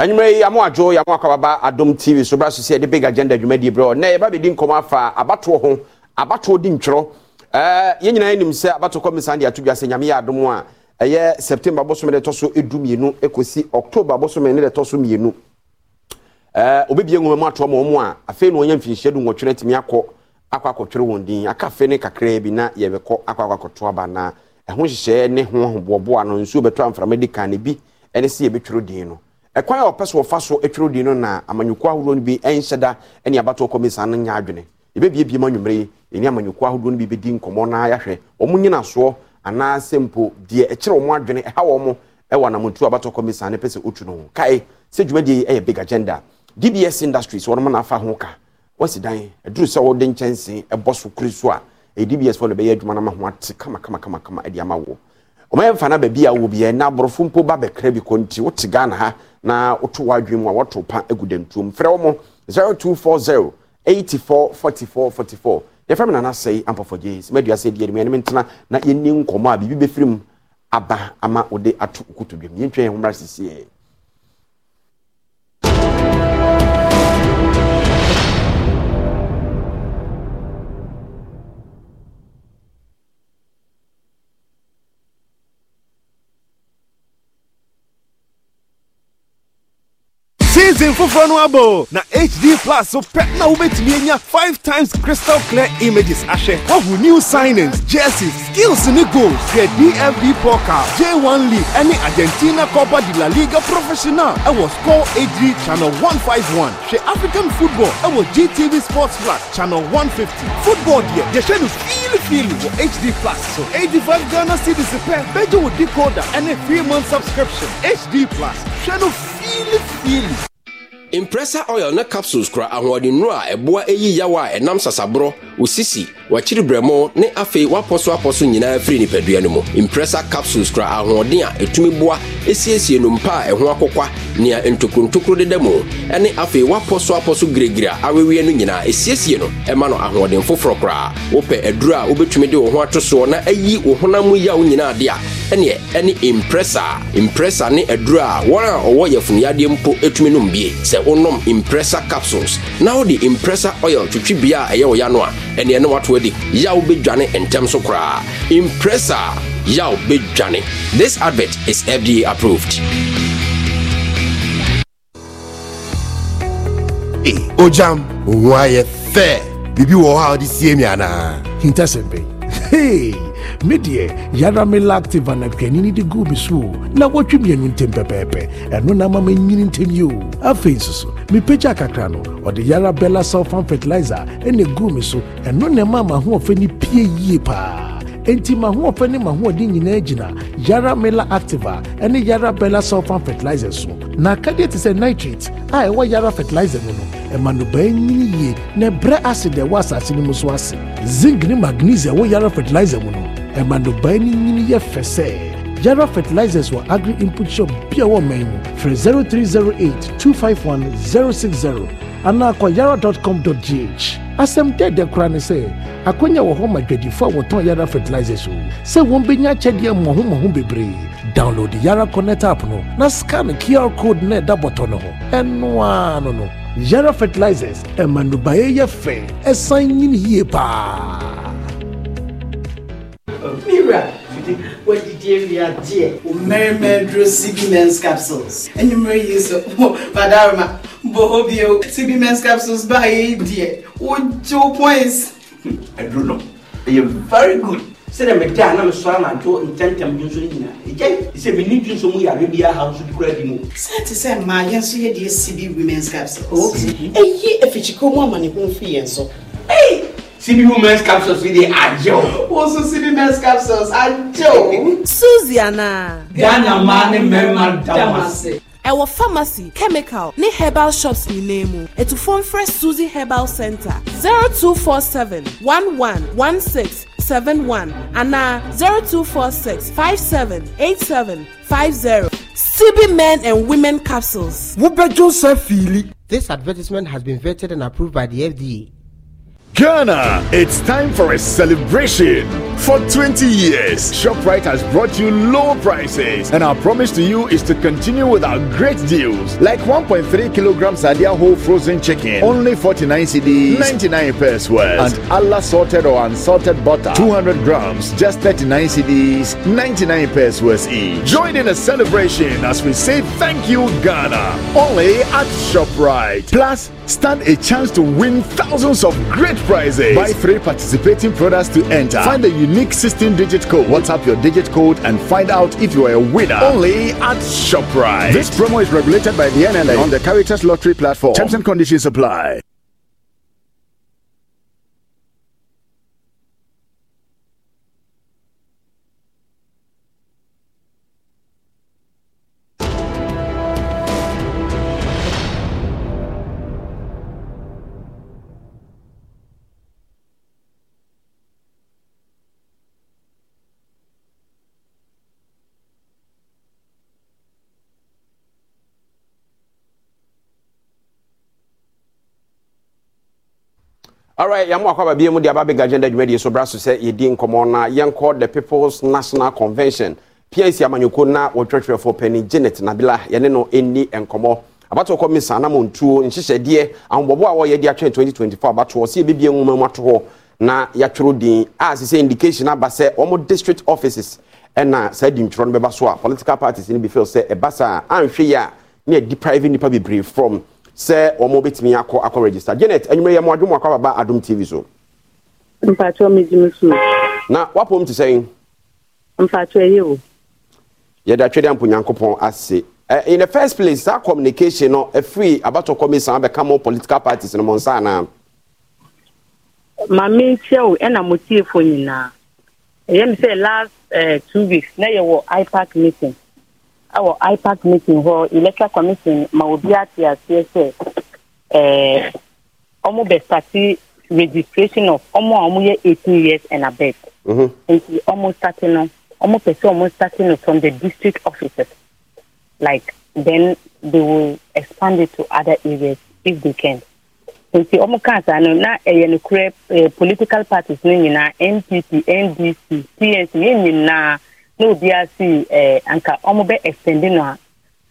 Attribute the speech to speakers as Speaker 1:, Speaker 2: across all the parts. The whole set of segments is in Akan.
Speaker 1: anwummerɛ yi yamo adwo yamo akwababa adom tv so bra so sɛ yɛde big agenda dwumadie berɛ na yɛba bɛdi nkɔmmɔ afa abatoɔ ho abatoɔ di ntwerɔ eh, yɛn nyinaa nim sɛ abato kɔmisa de ato dwa sɛ nyame yɛ adom a ɛyɛ september bosome de ɛtɔ so edu mmienu ekosi october bosome ne de ɛtɔ mienu mmienu eh, ɛɛ obibie nwoma mu ato ɔmo ɔmo a afei na wɔnyɛ mfinhyia du nwɔtwerɛ tumi akɔ akɔ akɔtwerɛ wɔn din aka afei ne kakra bi na yɛbɛkɔ akɔ akɔ akɔto aba na ɛho hyehyɛ ne ho ahoboɔboa no nsuo bɛtɔ amframa di kan ne bi ɛne si yɛbɛtwerɛ din no ɛkwan a ɔpɛ so ɔfa so na amanyɔkuo ahodoɔ no bi ɛnhyɛ da ne abatoɔ kɔmisa no nyɛ adwene yɛbɛbie bie ma nwummere yi ɛni amanyɔkuo ahodoɔ na yɛahwɛ wɔn nyinasoɔ anaasɛ mpo deɛ ɛkyerɛ adwene ɛha mo ɛwɔ anamotuo abatoɔ no kae sɛ dwumadie yi big agenda dbs industries na afa ho ka wɔsi dan ɛduru sɛ wɔde nkyɛnsee ɛbɔ so kuri so a ɛyɛ dbs wɔn na bɛyɛ adwuma no ma ho ate kamakamakama ɛde ama wɔ mfa na baabi a wɔ na ha na woto w'adwene mu a wɔto pa agu dantuom frɛ wɔ mo forty four 44 44 yɛfrɛ me nanasɛe ampafo gyees madua sɛ deɛ adumiane me ntena na yɛnni nkɔmmɔ a biribi bɛfiri mu aba ama wode ato okotodwam yɛntwa yɛ ho mmra sisiɛ
Speaker 2: nten foforɔ no abɔ na hd plus so pɛ na wobɛtumi anya five times crystal clear images ahwɛ woahu new signings jerseys skills ne goals hwɛ dfb pocal j1 league ɛne argentina copa de la liga professional ɛwɔ score hd channel one five one. hwɛ african football ɛwɔ gtv sports plus channel one fifty. football deɛ yɛhwɛ no fiilifiili wɔ hd plus so eighty five ghana cedis pɛ bɛgye wo decoder ɛne three month subscription hd plus hwɛ no fiilifiili
Speaker 1: impressor oil ne capsules kura ahoɔdennuro a ɛboa ɛyi yawa a ɛnam sasaborɔ osisi wɔakyiribrɛmo ne afei wɔapɔ so apɔ so nyinaa firi nipadua no mu impressor capsules kura ahoɔden a ɛtumi boa ɛsiesie nnompa a ɛho akokwa nea ntokrontokuro deda mu ɛne afei wapɔ so apɔ so giregira aweweɛ no nyinaa ɛsiesie no ɛma no ahoɔden foforɔ koraa wopɛ aduro a wobɛtumi de wo ho ato soɔ na ayi wo honam mu yaw nyinaa de a ɛneɛ ɛne impressa impressa ne aduro a wɔn a ɔwɔ yɛfunuyadeɛ mpo ɛtumi nom bie sɛ wonom impressa capsules na wode impressa oil twitwi bea a ɛyɛ wo ya no a ɛneɛ ne wato adi yaw bɛdwane ntɛm so koraa impressa yaw bɛdwane this advert is fda approved
Speaker 2: e eh, ogyam ohun ayɛ fɛ biribi wɔ hɔ a wɔde sie mi anaa hinta sɛ bɛn hey me deɛ yàrá mi lactive anatwani ni de gu mi so o na wɔtwi mmienu ntɛm pɛpɛɛpɛ ɛno na ama ma nyini ntɛm yi o afei nso so mepagya kakra no ɔde yàrá bella sulfan fertilizer ɛna gu mi so ɛno na ɛma ama ahoɔfɛ ni pie yie paa enti mahoɔfɛ ne mahoɔden nyinaa gyina yara mela activa ɛne yara bella sulfan fertilizer so na akadeɛ te sɛ nitrate a ɛwɔ yara fertilizer mu no ɛma nnobaa nyini yie na ɛbrɛ acid a ɛwɔ asase no mu so ase zinc ne magnesium ɛwɔ yara fertilizer mu no ɛma nnobaa no nyini yɛ fɛ sɛɛ Jara Fertilizers were agri input shop Biawa Menu for 0308 251 060 and gh asɛm dɛ dɛ kora ne sɛ akonya wɔ hɔ ma dwadifo a wɔtɔn yara fertilizers o sɛ wɔn bɛnya akyɛdeɛ mmɔhommɔho bebree download yara connect app no na scan qr code na ɛda bɔtɔ no ho ɛnoa no no yara fertilizers ɛma nnubaeɛ yɛ fɛ ɛsan nyini yie paa mira wɔdidi awia deɛ wo mɛrɛmɛrɛ duro cb mens capsules
Speaker 3: anwummerɛ yi so padaroma bọ́ọ̀ bí o CBMS capsules báyìí díẹ̀
Speaker 1: ó jó points. ẹdun nọ ẹyẹ very good sɛdɛ mɛ da anam sɔ anantɔ ntɛntɛm bi nso nyinaa ɛgya sɛ bi ni bi nso mu yare bi aha nso bi kura bi mu.
Speaker 3: sɛ ti sɛ mmaa yɛn nso yɛ deɛ CB women's capsules. ɛyi efikyiko mu ama ne ho fi yɛn so. CB women's capsules yi de agye o.
Speaker 2: wosu CB men's capsules
Speaker 4: agye o. suzy ana. ghana mmaa ne mmarima dama se ɛwɔ pharmacy chemical ne herbal shops nyinaa mu etufoɔ mfrɛ suzy herbal center zero two four seven one one one six seven one Ana zero two four six five seven eight seven five zero cb men and women capsules.
Speaker 2: wúbẹ́jọ́ sẹ́fìlì. This advertisement has been vetted and approved by the FDA. Ghana, it's time for a celebration. For 20 years, ShopRite has brought you low prices, and our promise to you is to continue with our great deals. Like 1.3 kilograms Adia whole frozen chicken, only 49 CDs, 99 pairs worth, and Allah salted or unsalted butter, 200 grams, just 39 CDs, 99 pairs worth each. Join in a celebration as we say thank you, Ghana, only at ShopRite. Plus, stand a chance to win thousands of great prizes. Buy three participating products to enter. Find the unique 16 digit code. WhatsApp your digit code and find out if you are a winner. Only
Speaker 5: at ShopRite. This
Speaker 2: promo is regulated by the NLA on the Caritas Lottery platform. Terms and conditions apply.
Speaker 1: alright yàmú akwaba bíi mu di ababega agenda dwumadie so bra so sɛ yɛdi nkɔmɔ na yɛnkɔ the people's national convention PNC amanyɔkuo na wɔtwerɛtwerɛfoɔ panin Janet Nabila yɛne no ɛni nkɔmɔ abatoɔ kɔ misa anamontuo nhyehyɛdeɛ ahobɔbɔ a wɔyɛ de atwɛn 2024 abatoɔ sɛ yɛbɛbie nwoma mu ato hɔ na yɛatwerɛ din a sɛ sɛ indication aba sɛ wɔn district offices ɛna saa di ntwerɛ no bɛba so a political parties no bi feel sɛ ɛba saa anhwɛ yɛ a ne yɛ deprive nipa bebree from sɛ wɔn bɛtumi akɔ akɔ register janet enyimire yɛ mo adwuma akɔ ababa adum tv so. mpatsɔ mi di mi so. na wapɔ mu ti sɛn. mpatsɔ yi o. yɛde atwere ampo nyankopɔn ase uh, in the first place saa communication no efiri abatɔ commission abɛka mo political parties no mo nsa ana.
Speaker 3: maame nkyɛn o ɛna mo tiefo nyinaa ɛyɛ mi sɛ last uh, two weeks na yɛ wɔ ipac meeting. ɛwɔ ipac meeting hɔ electoral commission ma obi ate aseɛ sɛ ɛɛ ɔmo bɛ starte registration of ɔmo a ɔmo yɛ eighteen years and above. Mm-hmm. nti ɔmo starte no ɔmo pɛ sɛ ɔmo starte no from the district offices like then they will expand it to other areas if they can. nti ɔmo kaa saa no na ɛyɛ no korɛ ɛɛ political parties no nyinaa npp ndc cnc yɛn nyinaa. na obi asị eh, nka ọmụba extend na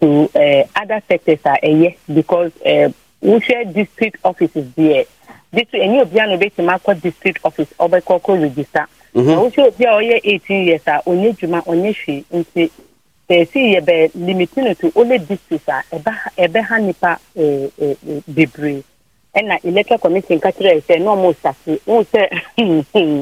Speaker 3: to eh, other sectors a ɛyɛ because eh, wohwɛ district offices there district enyi obi a na obetumi district office ɔbɛkɔ kɔ regista mhm. na wohwɛ obi a ɔyɛ eighteen years a onye juma onye hwee nti si yɛ bẹ limiti no to only district a ɛbɛ ɛbɛha nipa ɛɛ bebree na electoral commission kakyere ɛsɛ na ɔmo sase wɔn sɛ. Hmm, hmm,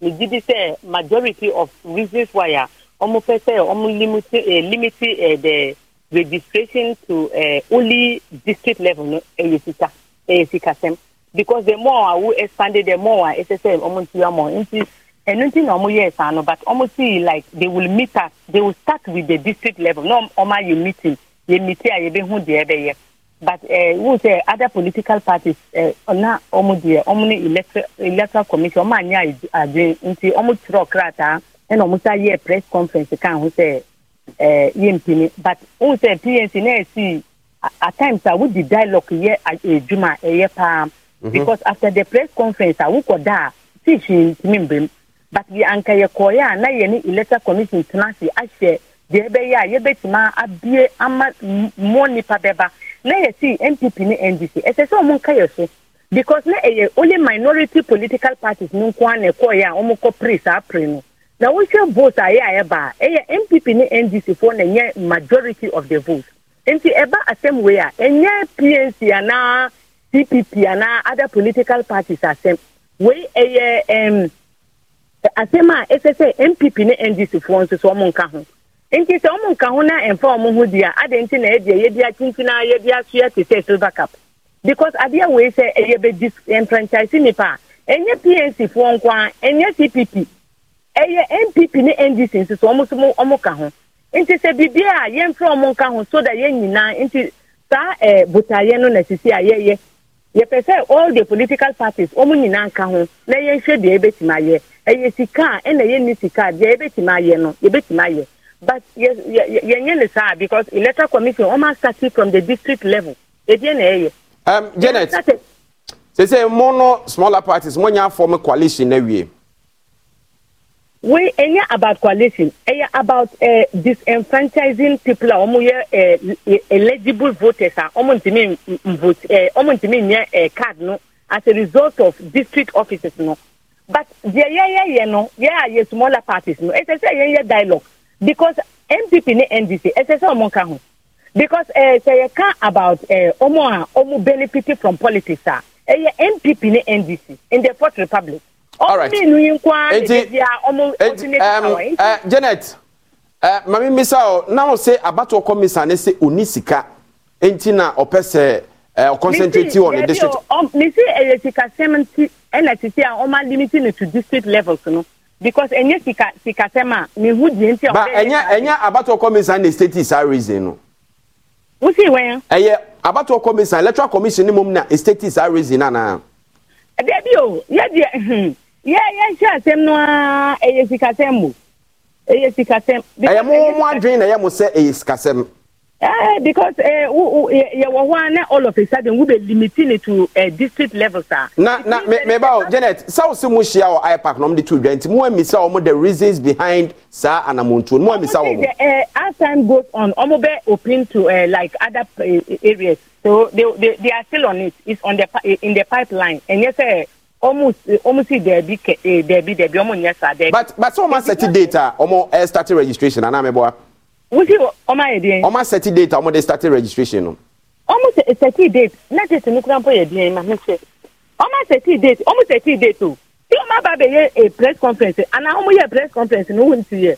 Speaker 3: megye di sɛ majority of reasons why a wɔn pɛ sɛ wɔn limit eh, limit eh, eh, the registration to eh, only district level no ɛyɛ sika ɛyɛ sikasɛm because the more a wo expand the more a ɛsɛ sɛ wɔn ti yɛ more nti ɛnu ti na wɔn yɛ saa no but wɔn ti like they will meet us they will start with the district level na wɔn ayɛ meeting yɛ meeting a yɛ bɛ hu deɛ ɛbɛyɛ. but eh, wu sɛ other political parties eh, na ɔmo deɛ ɔmo ne electoral commission ɔmo anya adwen nti ɔmo twerɛ krataa ɛna ɔmo sa yɛ press conference kan ho sɛ eh, yɛ mpini but wu sɛ pnc na ɛsi e at times ah, a wodi dialogue yɛ adwuma ɛyɛ e paa mhm. because after the press conference a wokɔ da a fiifi ntumi mbem but yɛ anka yɛ kɔɔyɛ a na yɛ ne electoral commission tena ase ahyɛ deɛ ɛbɛyɛ a yɛbɛtumi abie ama mmɔ nipa bɛba. na yɛ si npp ne ndc ɛsɛ sɛ ɔmo nka yɛ so because na ɛyɛ only minority political parties no nko ara na ɛkɔɔ yɛ a ɔmo kɔ pre saa pre no na wohwɛ vote a ɛyɛ a ɛba a ɛyɛ npp ne ndc foɔ na ɛnyɛ majority of the vote nti ɛba asɛm wei a ɛnyɛ pnc anaa cpp anaa other political parties asɛm wei ɛyɛ ɛm asɛm a ɛsɛ sɛ npp ne ndc foɔ nso so ɔmo nka ho. nti sɛ ɔmo nka ho na ɛmfa ɔmo ho di a adeɛ nti na ɛdi a yɛdi akyinkyin a yɛdi asoɛ te sɛ silver cap because adeɛ wei sɛ ɛyɛ bɛdi mfranchise nipa ɛnyɛ pnc foɔ nko ɛnyɛ cpp npp ne ndc nso so ɔmo nso ɔmo ka ho nti sɛ biribi a ɔmo nka so da yɛn nyinaa saa ɛɛ na sisi a yɛyɛ yɛpɛ sɛ all the political parties ɔmo nyinaa nka ho na yɛnhwɛ deɛ yɛbɛtumi ayɛ ɛyɛ sika a ɛna sika deɛ yɛbɛtumi ayɛ no yɛbɛtumi ayɛ but yɛnyɛ ne saa because electoral commission wɔn asati from the district level ebi na ɛyɛ.
Speaker 1: Um, janet sese mo no smaller parties mo nya form coalition na wie.
Speaker 3: we ɛnyɛ e about coalition ɛyɛ e about uh, disenfranchising people a wɔn yɛ eligible voters a ah, wɔn ntumi vote. ɛɛ eh, wɔn ntumi nyɛ eh, card no as a result of district offices no but deɛ yɛyɛ yɛ no yɛ a yɛ smaller parties no ɛsɛ sɛ yɛn yɛ dialogue because npp ne ndc ɛsɛ sɛ ɔmo nka ho because ɛɛ sɛ yɛka about ɛɛ ɔmo a ɔmo benefit from politics a ɛyɛ npp ne ndc in the fourth republic.
Speaker 1: ɔmo mienu yi nko ara de bi a ɔmo ɔtí ne power. Eh, janet ɛɛ eh, maame misa o n'aho sɛ abatoɔ kɔmisa ne sɛ oni sika nti na ɔpɛ sɛ ɛɛ ɔconcentrate wɔ ne district.
Speaker 3: misi ɛyɛ sikasɛm ti ɛna titi a ɔmo alimiti ne to district levels no because ɛnyɛ sika sikasɛm a mehu die nti a. ba
Speaker 1: ɛnyɛ ɛnyɛ abatoɔ commission ne state saa reason no.
Speaker 3: wusi wɛn.
Speaker 1: ɛyɛ abatoɔ commission electoral commission ni mu na state saa reason nana.
Speaker 3: ɛdɛbi o yɛdeɛ yɛ yɛnhyɛ asɛm no ara ɛyɛ sikasɛm o ɛyɛ sikasɛm. ɛyɛ mo
Speaker 1: mo adwene na ɛyɛ mo sɛ ɛyɛ sikasɛm. Uh, because yɛwɔ hɔ a na all of a sudden we be limiting it to uh, district level sir. na na meba o janet sáwọ sí mu ṣíà ọ ipac na ọmọdé tu ìdúrà nti mu wà mísà ọmọ the reasons behind sa anamuntu. mu wà mísà ọmọ.
Speaker 3: as time goes on ọmọ bẹ open to uh, like other uh, areas so they, they they are still on it it's on the in the pipeline and yes sir. Uh, ọmụ si debi
Speaker 1: debi debi ọmụ nyesa debi. but but sọ ma seti date a ọmụ ẹ start registration anam wosi ọmọ ayẹ diẹ. ọmọ sẹti date ọmọ de start registration no. ọmọ sẹti
Speaker 3: date náà tètè ní kúrẹ́mpọ̀ yẹ diẹ ma mi sẹ ọmọ sẹti date ọmọ sẹti date o tí
Speaker 1: ọmọ bá bẹ yẹ a press conference àná ọmọ yẹ press conference ní wọn ti yẹ.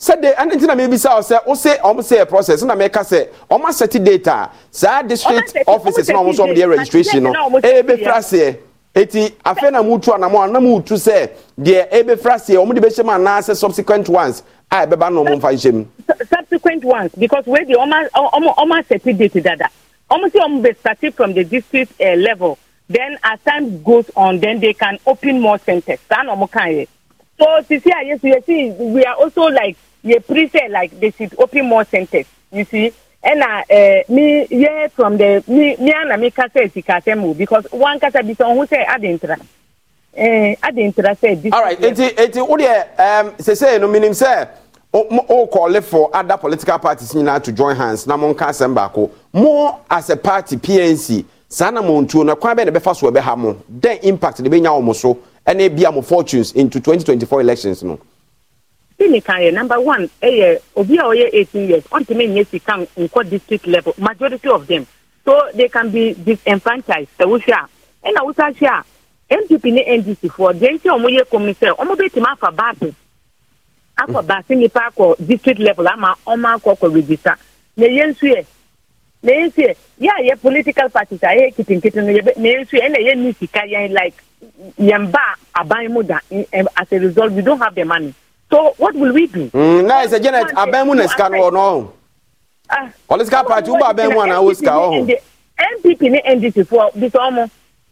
Speaker 1: sẹ́dẹ̀ ẹni tí na mi bisa ọ̀sẹ̀ ó ṣe ọmọ ṣe ẹ̀ process ẹ̀ na mi ka sẹ̀ ọmọ sẹti date a saa district offices náà ọmọ sọ ọmọ de registration náà ẹ̀ bẹ fura sẹ́ẹ̀ eti afei na mu tu anam a sɛ deɛ ebefra seɛ wɔn de bɛ hyɛm anaasɛ subsequent ones a ɛbɛba na wɔn mfa nhyɛm.
Speaker 3: subsequent ones because wey de ɔma ɔmo ɔmo asɛti date dada ɔmo si ɔmo bɛ starting from the district uh, level then as time goes on then they can open more centres saa na ɔmo kan yɛ so sisi a yɛ si we are also like yɛ pre say like they should open more centres you see. ɛna ɛɛ eh, mi yɛ from the mi mi ana mi kasa etika asɛm o because wan kasa bi sɛ ɔho sɛ adi ntira ɛɛ eh, adi ntira sɛ di. all right eti
Speaker 1: eti o deɛ ɛɛm sese no minim sɛ o o kɔɔle for other political parties nyinaa to join hands na mo nka asɛm baako mo as a party pnc saa na mo ntuo na kwan bɛyɛ na bɛfa so ha mo den impact na bɛnya wɔn so ɛna ebia mo fortunes into twenty twenty four elections no.
Speaker 3: ne kan yɛ number one yɛ obi a ɔyɛ eighteen years ɔntumi nye sika nkɔ district level majority of them so they can be disenfranchised ɛwohwɛ a ɛna wosa hwɛ a npp ne ndc foɔ deɛ nti a wɔyɛ kɔm no sɛ afa baase akɔ mm. baase nipa akɔ district level ama ɔmo akɔ kɔ register na yɛn nso yɛ na yɛn nso yɛ yɛ a yɛ political parties a yɛ kitinkiti no na yɛn nso yɛ ɛna yɛn ni sika yɛn like yɛn ba aban mu da eh, as a result we don have the money.
Speaker 1: So what will we do? Mm, na ẹsẹ Janet abẹ́mu na sika no ọ̀nà ọ̀hún. Ọ̀lẹ́sìká pàtì wúbọ̀ abẹ́mu àná ó sika ọ̀hún.
Speaker 3: NPP ní NDC fún ọ bìtọ̀ ọmọ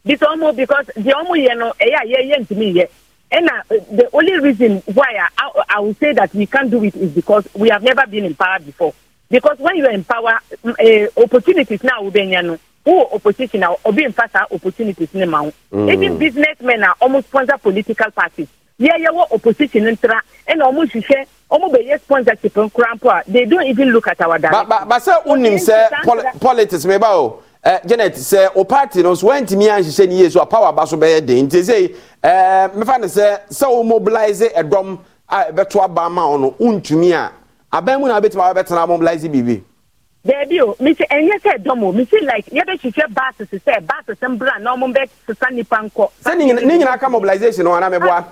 Speaker 3: bìtọ̀ ọmọ because di ọmọ yẹn no ẹ̀yẹ àyẹ yẹ ntumi yẹ. And the only reason why I, I, will say that we can't do it is because we have never been in power before. Because when you are in power, uh, opportunities now will be no. Who opposition now, or being faster opportunities now. Mm. Even businessmen are almost sponsor political parties yɛyɛ wɔ opposition ntira ɛna ɔmo hyehyɛ ɔmo bɛyɛ sponsorship nkura mpo a they don't even look at our direction. ba ba sɛ unim sɛ
Speaker 1: politics mi ba o ɛ janet sɛ o party no so wɛntumi ahyehyɛ ni yie so a power ba so bɛyɛ den nti sɛ ɛɛ mmefa ne sɛ sɛ o mobilize ɛdɔm a ɛbɛto aba ama ɔno untumi a abɛn mu na abɛtuma abɛtena mobilize bibi. Debi o, misi ɛnyɛ sɛ dɔm o, misi like yɛbɛ hyehyɛ baasi sisɛ baasi sɛ mbura na ɔmo bɛ sisan nipa nkɔ. Sɛ ne nyinaa ka mobilization no anamɛboa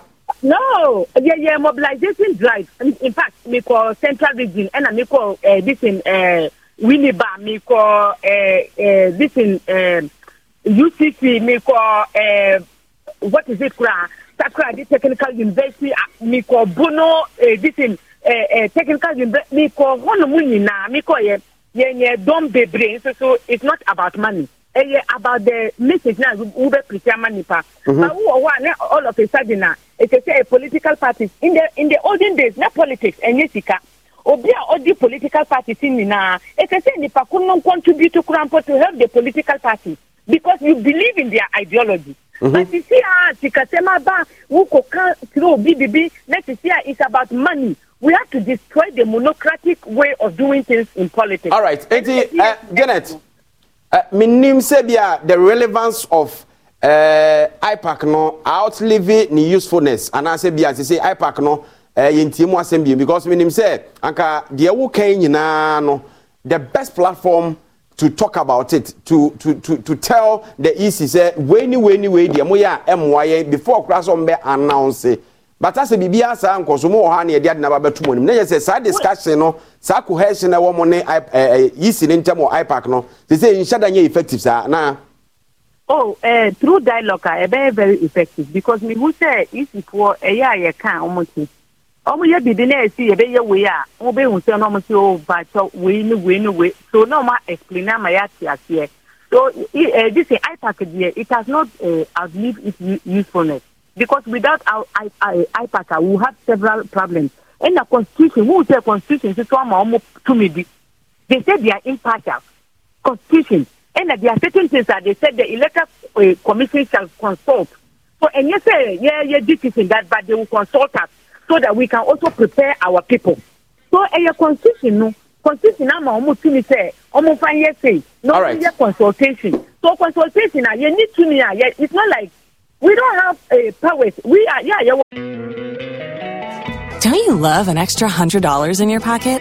Speaker 3: no yeah yeah mobilization drive in fact mi kɔ central region ɛna mi kɔ this in ɛɛ winiba mi kɔ ɛɛ ɛɛ ucc mi kɔ what is it kura sakura di technical university ah, mi kɔ bono eh, This in ɛɛ eh, ɛɛ eh, technical university mi kɔ hɔnom nyinaa mi kɔ yɛ yɛ yɛ dɔn bebree nso so it's not about money ɛyɛ about the message na wo bɛ prepare ma nipa. ma wo all of a sudden na ɛsɛ sɛ political parties in the in the olden days na politics ɛnyɛ sika obi a ɔdi political parties nyinaa ɛsɛ sɛ nipa ko no contribute kura mpo to help the political party because you believe in their ideology. Mm-hmm. but sisi a sikasɛm aba wokɔ kan, tiri obi bibi na sisi a it's about money we have to destroy the monocratic
Speaker 1: way of doing things in politics. all right eti uh, eh, janet uh, eh, minim sebi the relevance of ɛɛ eh, ipac no outliving ne usefulness anaasɛ bia sɛ sɛ ipac no ɛɛ yɛntie mu asɛm bio because menim sɛ anka deɛ wokan nyinaa no the best platform to talk about it to to to to tell the ec sɛ eh, wei ni wei ni wei deɛ mo yɛ a ɛmoa yɛn before kura sɛ ɔmbɛ announce bata sɛ biribi asa nkɔso mu wɔ ha na yɛde ade naba bɛto mu anim na yɛ sɛ saa discussion no saa cohesion ɛwɔ mo ne ɛɛ ec ne ntɛm wɔ ipac no sɛ sɛ nhyɛ da nyɛ effective saa naa
Speaker 3: oh uh, through dialogue a eh, ɛbɛyɛ very effective because mihu sɛ isifoɔ ɛyɛ eh, oh, a yɛka wɔn ti wɔn yɛ bibi na esi yɛbɛyɛ wei a wɔn bɛ hun sɛ na wɔn ti o baakyɛ wei ne wei ne wei so na wɔn explain ama yɛate aseɛ so uh, this ipac deɛ it has not uh, outlived its usefulness because without our ipac we have several problems ɛna constitution wɔn sɛ constitution soso ama wɔn tumi bi they say they are impartial constitution. and there are certain things that they said the electoral uh, commission shall consult. So, and you say, eh, yeah, yeah, this is in that, but they will consult us so that we can also prepare our people. So, a uh, eh, constitution, no, constitution, I'm almost to say, almost five years, say, no, right. consultation. So, consultation, uh, ah, you need to me, uh, it's not like we don't have uh, powers. We are,
Speaker 6: yeah, yeah. Don't you love an extra $100 in your pocket?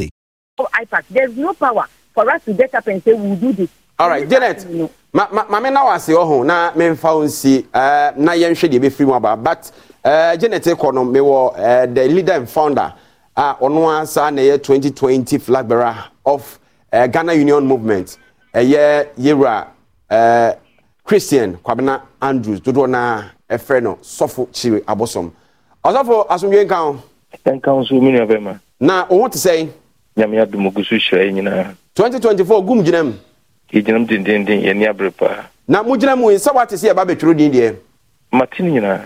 Speaker 3: IPAC. There's no power for us to get up and say we'll do this.
Speaker 1: All right, Janet. Maame na wase ɔho na memfa wo nsi eh, na yɛnhwɛ deɛ ɛbɛfiri mu aba but uh, Janet kɔ no mewɔ uh, eh, the leader and founder a ɔno a na ɛyɛ 2020 flag bearer of uh, Ghana Union Movement ɛyɛ Yewura uh, Christian Kwabena Andrews dodoɔ na ɛfrɛ no Sɔfo Kyiri Abosom. Ɔsɔfo asomdwe nka ho. Nka so mi nua bɛma. Na òun ti sɛn. nyame adom gu so hyira yɛ nyinaa 2024 gum gyina mu yɛgyinam dendenden yɛne paa na mogyina mu sɛ woate sɛ yɛba bɛtwerɛ din deɛ mate no nyinaa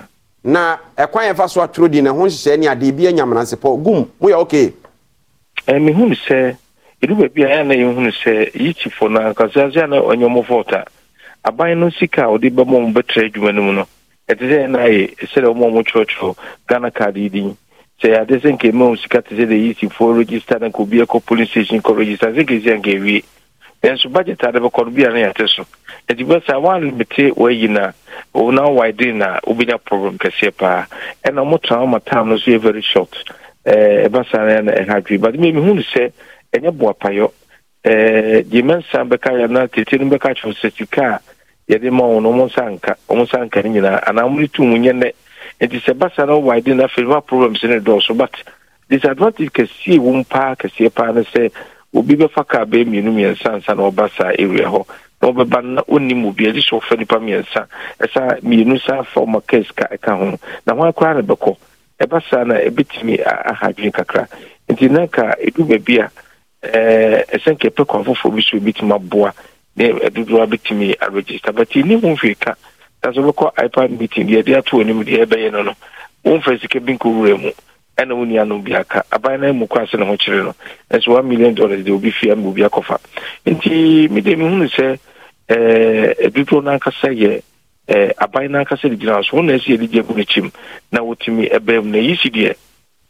Speaker 1: na ɛkwan yɛfa so atwerɛ din ne ho nhyehyɛ ne adeɛ bi anyamena gum moyɛ oke. mehunu sɛ ɛdu baabi a ɛna yɛhunu sɛ yikyifoɔ no a na
Speaker 7: ɔnyɛ ɔmɔfoɔ ta aban no sika a ɔde bɛma ɔmo bɛtrɛ adwuma no mu no ɛte sɛ ɛna ayɛ sɛdeɛ ghana yi din sɛ ade sɛ nka ɛma sika te sɛ de yisifoɔ register na nka obi ɛkɔ police station kɔ register sɛ nka ɛsi anka ɛwie nanso budget ade bɛkɔ no bia no yɛte so nti bɛ sɛ wayi na widen na wobɛnya problem kɛseɛ paa ɛna e time no so yɛ very short ɛba e, e saa no ɛha dwe but sɛ ɛnyɛ boapayɔ deɛ mɛnsa bɛka na tete no bɛka kyerɛ sɛ a yɛde ma wo nti sɛ basa no widen na afei ma problems no dɔɔso but disadvantage kɛseɛ wom paa kɛseɛ paa no sɛ obi bɛfa kaa bɛyɛ mmienu mmiɛnsa nsa na ɔba saa area hɔ na ɔbɛba no na ɔnnim obi agye sɛ ɔfa nnipa mmiɛnsa ɛsa mmienu sa afa ɔma cas ka ɛka ho na hwan koraa na bɛkɔ ɛba e saa na ɛbɛtumi e ahadwene kakra nti na ka ɛdu baabi a ɛsɛ eh, e nkɛpɛ kwan foforɔ bi so ɛbɛtumi aboa na ɛdodoɔ a bɛtumi aregista but ɛnim ho hwee ka na so wobɛkɔ ipad meeting deɛ ɛde ato anim deɛ ɛbɛyɛ no no womfa sika bi nkɔwura mu ɛna wo nuanom bi aka aban no mu kɔ ase ne ho kyerɛ no ɛnso one million dollars de obi fie ama obi akɔfa nti mede mehunu sɛ ɛdodoɔ no ankasa yɛ aban no ankasa de gyina so wo na ɛsɛ yɛde gye agu no kyim na wotumi ɛbrɛ mu na yi si deɛ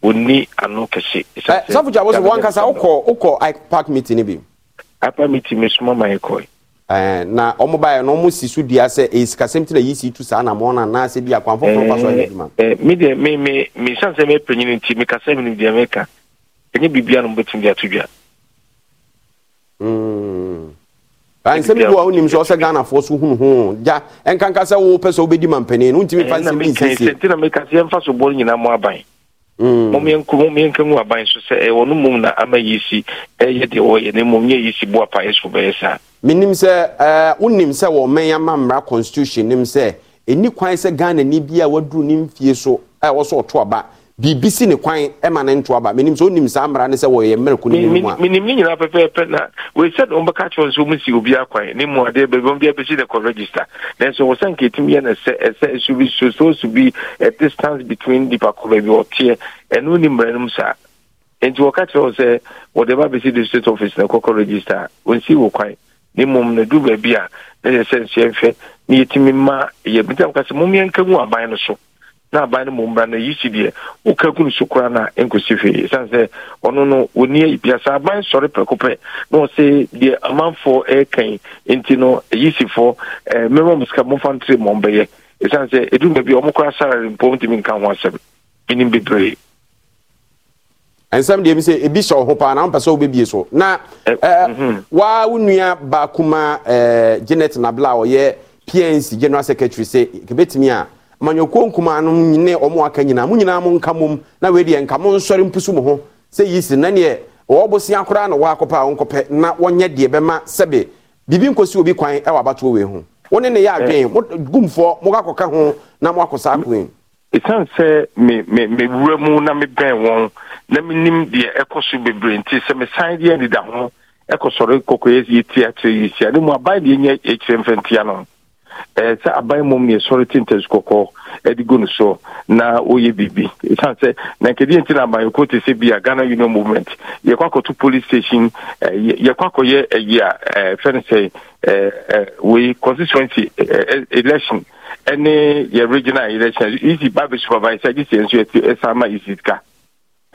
Speaker 7: onni ano kɛse safo gya wo so wankasa wokɔ
Speaker 1: wokɔ ipark meeting no eh, bi iPad meeting mesoma ma yɛkɔe Eh, na ɔmobaɛ no si e na yɛsi tu saa namɔ no anaasɛ bi akwan mi fa mi
Speaker 7: biribia nsɛm bi a wonim sɛ
Speaker 1: ɔsɛ ghanafoɔ so hunu ho gya ɛnkanka sɛ wopɛ sɛ wobɛdi ma mpanin no wontumi eh, fa nsɛm bi na meka sɛ yɛmfa so bɔ nyinaa mo aban
Speaker 7: mɔmyɛnka mu aban so sɛ ɛwɔ eh, no mmom na ama yɛsi ɛyɛ deɛ wɔyɛ na mmom nyɛ yɛsi boapa yɛ so bɛyɛ saa
Speaker 1: menim sɛ ɛɛ eh, wonim sɛ wɔ mɛn ama mmara constitution nim sɛ ɛni kwan sɛ ghana ni bi a waduru ne mfie so a eh, ɛwɔ so ɔto aba biribi si ne kwan ɛma ne nto aba menim sɛ wonim saa mmara ne sɛ wɔyɛ mmerɛko no mu a
Speaker 7: menim ne nyinaa pɛpɛɛpɛ na wei sɛ ne wɔmbɛka kyerɛ nso mu si obi akwan ne mu adeɛ baabi ɔmde abɛsi ne kɔ register nanso wɔ sɛ nkɛtumi yɛ no sɛ ɛsɛ ɛsu bi so so su bi a distance between nipa kɔ baabi ɔteɛ ɛno ne mmara no mu saa nti wɔka kyerɛ wo sɛ wɔde ba bɛsi district office na kɔkɔ register a ɔnsi wo kwan ne mmom na du baabi a na yɛ sɛ nseɛ mfɛ na yɛtumi ma yɛ bi tam sɛ momyɛ mu aban no so na aban no mommra na yisi deɛ woka gu no so koraa na ɛnkɔsi hwee ɛsiane sɛ ɔno no ɔnni ayi bia sɛ aban sɔre prɛkopɛ na ɔsɛ deɛ amanfoɔ ɛɛkan nti no yisifoɔ mɛma mo sika momfa ntere ma ɔmbɛyɛ ɛsiane sɛ ɛduru baabi a ɔmo koraa sarare
Speaker 1: mpo ntumi nka ho asɛm menim bebree nsɛm deɛ bi sɛ ebi hyɛ ɔho paa na mpɛ sɛ wobɛbie so na eh, eh, mhm. waa wo nua baako ma genet eh, nabla a ɔyɛ pnc general secretary sɛ kɛbɛtumi a manyɔkuo nkumaa no ne ɔmo aka nyinaa mo nyinaa mo nka mom na wei deɛ nka mo nsɔre mpusu mo ho sɛ yi si na neɛ wɔwɔ bosia koraa na wɔakɔpɛ a wɔnkɔpɛ na wɔnyɛ deɛ bɛma sɛbe biribi nkɔsi obi kwan ɛwɔ abatoɔ wei ho wo ne ne yɛ adwen gumfoɔ mokakɔka ho na moakɔ saa koe ɛsiane sɛ
Speaker 7: mewura mu na mebɛn wɔn na menim deɛ ɛkɔ so bebree nti sɛ mesan deɛ nida ho ɛkɔ sɔre kɔkɔyɛ yɛti akyerɛ yɛhyia ne mu aban deɛ nyɛ ɛkyerɛ mfɛntia no ɛɛ sɛ aban mmom ne ɛsɔre tentasu kɔkɔɔ ɛde gu no so na ɔyɛ biribi ɛsiane sɛ nankadeɛ nti na te sɛ bia ghana union movement yɛkɔ police station yɛkɔ akɔyɛ ɛyi a no sɛ ɛɛ constituency election ɛne yɛ regional election sɛ nso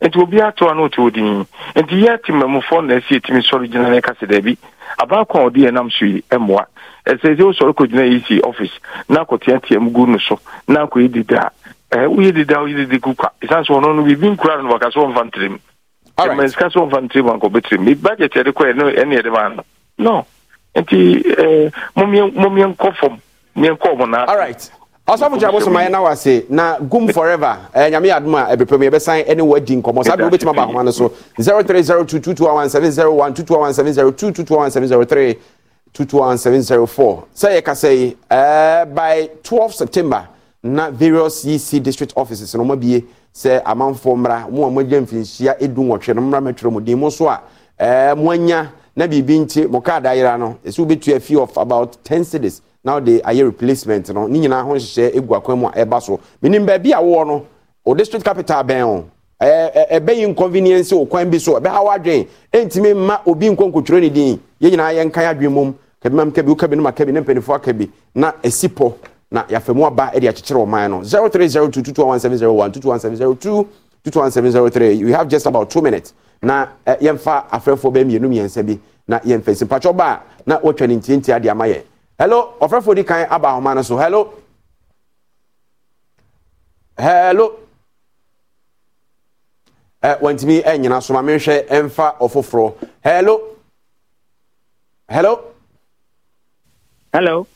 Speaker 7: nti obi ato a na ɔte odin nti yɛ te mmammufoɔ na ɛsi ɛtumi sɔre gyina na ɛka sɛ daabi abaako a ɔde ɛnam so yi ɛmmoa ɛsɛ sɛ wosɔre kɔgyina yi e si office na akɔteatea mu gu no so na akɔyɛ dida ɛɛ woyɛ dida woyɛ didi gu kwa ɛsiane sɛ ɔno no biribi nkura no waka sɛ ɔmfa ntirim ɛma nsika sɛ ɔmfa ntirim anka ɔbɛtirim budget yɛde kɔ ɛno ɛne yɛde maa no
Speaker 1: no nti ɛɛ mo mmea nkɔ fam
Speaker 7: mmea nkɔ ɔmo naa
Speaker 1: ɔsɔfo kyerɛ bosom ayɛ na wase na gum forever eh, nyame adom a ɛbɛpɛ eh, mu yɛbɛsan eh, ɛne eh, woadi nkɔmmɔ saa deɛ wobɛtumi aba ahoma no so 0302221701221702221703 21704 sɛ yɛkasa yi uh, by 12 september na various ec district offices no mabie sɛ amanfoɔ mmra mo a moagya mfirinhyia ɛdu nwɔtwe no mmra matwerɛ mu den mo so a uh, moanya na biribi nti mo kaa da yera no ɛsɛ wobɛtua fee of about ten cities Now na ɔde ayɛ replacement no ne nyinaa ho nhyehyɛ egu akwan mu a ɛba so menim baabi a wɔwɔ no o district capital bɛn o ɛɛ ɛbɛyi inconvenience o kwan bi so be ɛbɛha wadwen ɛntumi mma obi nkonkotwerɛ ne din yɛn nyinaa yɛn kan adwen mom kabi mam kabi wokabi nom akabi ne mpanimfoɔ akabi na ɛsi pɔ na yɛafɛmu aba ɛde akyekyere ɔman no zero three zero two two two one seven zero one two two one seven zero two two two one seven zero three we have just about two minutes na yɛmfa afɛnfoɔ bɛɛ mmienu mmiɛnsa bi na yɛmfa si mpatwɔ ba a na wɔtwa ne ntiantia de ama yɛ hello ɔfrɛfo di kan aba ahoma no so hello hello ɛ eh, wɔntumi ɛnyina eh, so ma mehwɛ ɛmfa ɔfoforɔ hello hello hello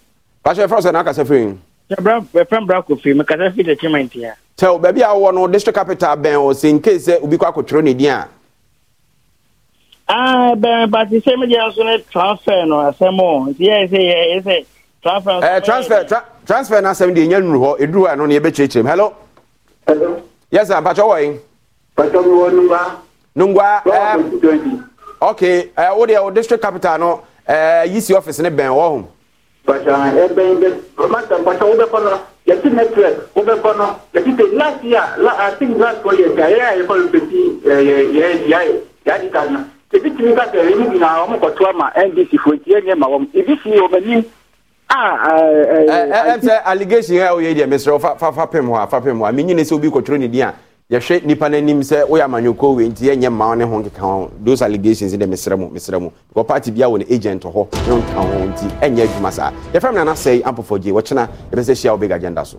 Speaker 1: bahyɛ fɛn sɛ n'akasa fɛ yɛn. fɛn bra kò fi mi kasa fi de kye ma n tia. tɛw baabi a wɔwɔ no district capital bɛn o sɛ obi kɔ akɔtwerɛ ne din a.
Speaker 3: Ah, ben, but the same day also ne transfer no asɛm o. Nti yɛ sɛ yɛ sɛ
Speaker 1: transfer. Ɛɛ transfer tra transfer n'asɛm deɛ nyɛ nuru hɔ eduru hɔ ano ne yɛbɛkyerɛkyerɛ mu. Hello. Hello. Yes, sir. Mpatwa wɔ yen. Mpatwa mi Nungwa. Nungwa. Ɛɛ okay ɛɛ o deɛ o district capital no ɛɛ yisi office ne bɛn wɔ ho. Mpatwa ɛbɛn bɛ mpatwa mpatwa wo bɛ kɔ nɔ yɛti network wo bɛ kɔ nɔ
Speaker 7: te last year la i think last four years yɛ yɛ yɛ kɔ lupeti ɛɛ yɛ yɛ yɛ yɛ yɛ yɛ yɛ yɛ ebi tumi ka sɛ ɛni nyinaa wɔn kɔto ama ndc fo nti ɛni ɛma wɔn ebi si wɔn anim
Speaker 1: a ɛɛ ɛɛ sɛ allegation yɛ oyɛ deɛ mesrɛ fa fa fa pɛm hɔ a fa pɛm hɔ a menyini sɛ obi kɔtɔrɔ ne din a yɛhwɛ nipa n'anim sɛ oyɛ oh, amanyɔkuo wei nti ɛnyɛ mmaa ne ho nkeka ho those allegations de mesrɛ mu mesrɛ mu because party bi a wɔ ne agent hɔ ne nka ho nti ɛnyɛ eh, adwuma saa yɛfrɛ mu nana sɛ ampɔfɔ gye wɔkyena yɛbɛsɛ hyia wo big agenda so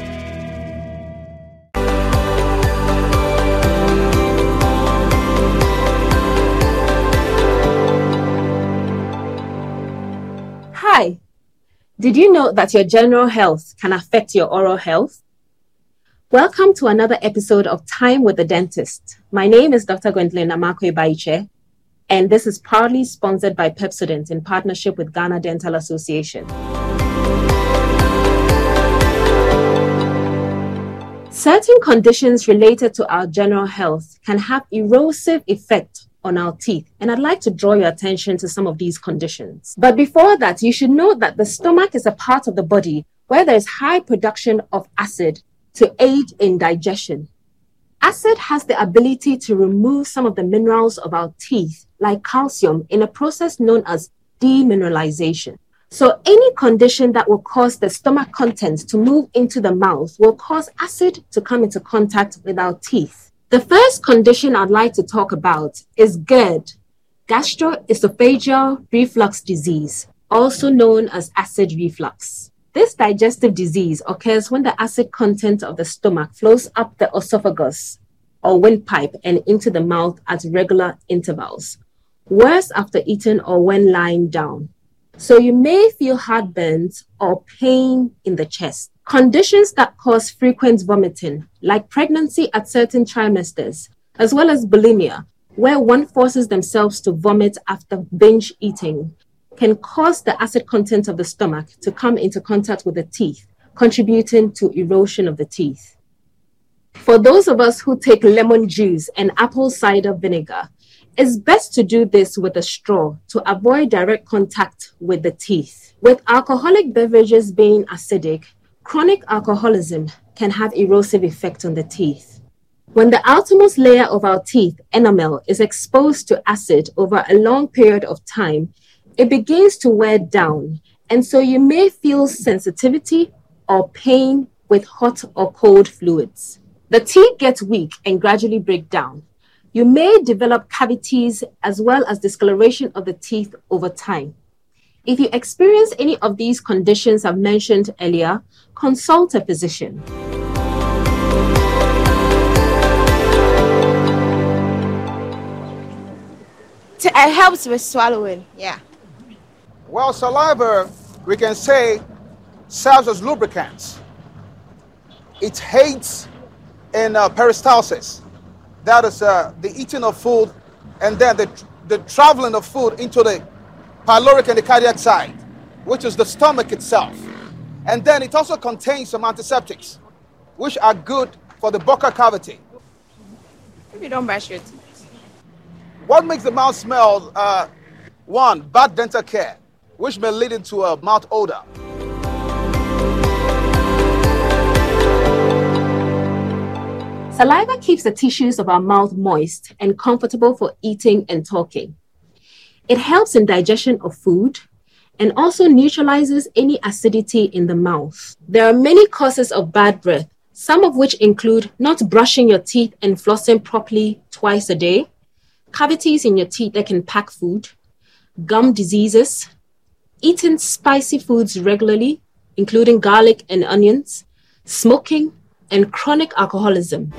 Speaker 4: Did you know that your general health can affect your oral health? Welcome to another episode of Time with the Dentist. My name is Dr. Gwendolyn Amakwe Baiche, and this is proudly sponsored by Pepsodent in partnership with Ghana Dental Association. Certain conditions related to our general health can have erosive effect on our teeth. And I'd like to draw your attention to some of these conditions. But before that, you should know that the stomach is a part of the body where there is high production of acid to aid in digestion. Acid has the ability to remove some of the minerals of our teeth, like calcium, in a process known as demineralization. So, any condition that will cause the stomach contents to move into the mouth will cause acid to come into contact with our teeth. The first condition I'd like to talk about is GERD, gastroesophageal reflux disease, also known as acid reflux. This digestive disease occurs when the acid content of the stomach flows up the esophagus or windpipe and into the mouth at regular intervals, worse after eating or when lying down. So you may feel heartburn or pain in the chest. Conditions that cause frequent vomiting, like pregnancy at certain trimesters, as well as bulimia, where one forces themselves to vomit after binge eating, can cause the acid content of the stomach to come into contact with the teeth, contributing to erosion of the teeth. For those of us who take lemon juice and apple cider vinegar, it's best to do this with a straw to avoid direct contact with the teeth. With alcoholic beverages being acidic, Chronic alcoholism can have erosive effect on the teeth. When the outermost layer of our teeth, enamel, is exposed to acid over a long period of time, it begins to wear down, and so you may feel sensitivity or pain with hot or cold fluids. The teeth get weak and gradually break down. You may develop cavities as well as discoloration of the teeth over time. If you experience any of these conditions I've mentioned earlier, consult a physician. It helps with
Speaker 1: swallowing, yeah. Well, saliva, we can say, serves as lubricants. It aids in uh, peristalsis, that is uh, the eating of food and then the, the traveling of food into the pyloric and the cardiac side, which is the stomach itself. And then it also contains some antiseptics, which are good for the buccal cavity.
Speaker 3: If you don't brush your teeth.
Speaker 1: What makes the mouth smell? Uh, one, bad dental care, which may lead into a mouth odor.
Speaker 4: Saliva keeps the tissues of our mouth moist and comfortable for eating and talking. It helps in digestion of food and also neutralizes any acidity in the mouth. There are many causes of bad breath, some of which include not brushing your teeth and flossing properly twice a day, cavities in your teeth that can pack food, gum diseases, eating spicy foods regularly, including garlic and onions, smoking, and chronic alcoholism.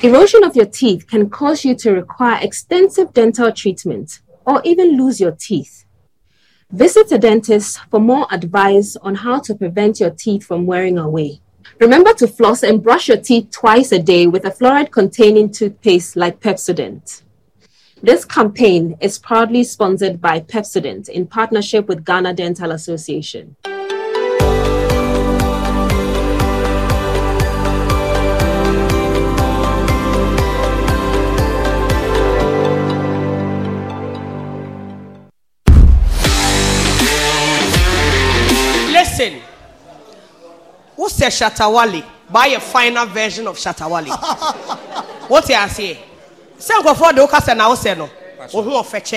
Speaker 4: Erosion of your teeth can cause you to require extensive dental treatment or even lose your teeth. Visit a dentist for more advice on how to prevent your teeth from wearing away. Remember to floss and brush your teeth twice a day with a fluoride containing toothpaste like Pepsodent. This campaign is proudly sponsored by Pepsodent in partnership with Ghana Dental Association.
Speaker 3: who said Shatawale? Buy a final version of Shatawale. what you are saying? Say, go for the Okasa now, say Or who of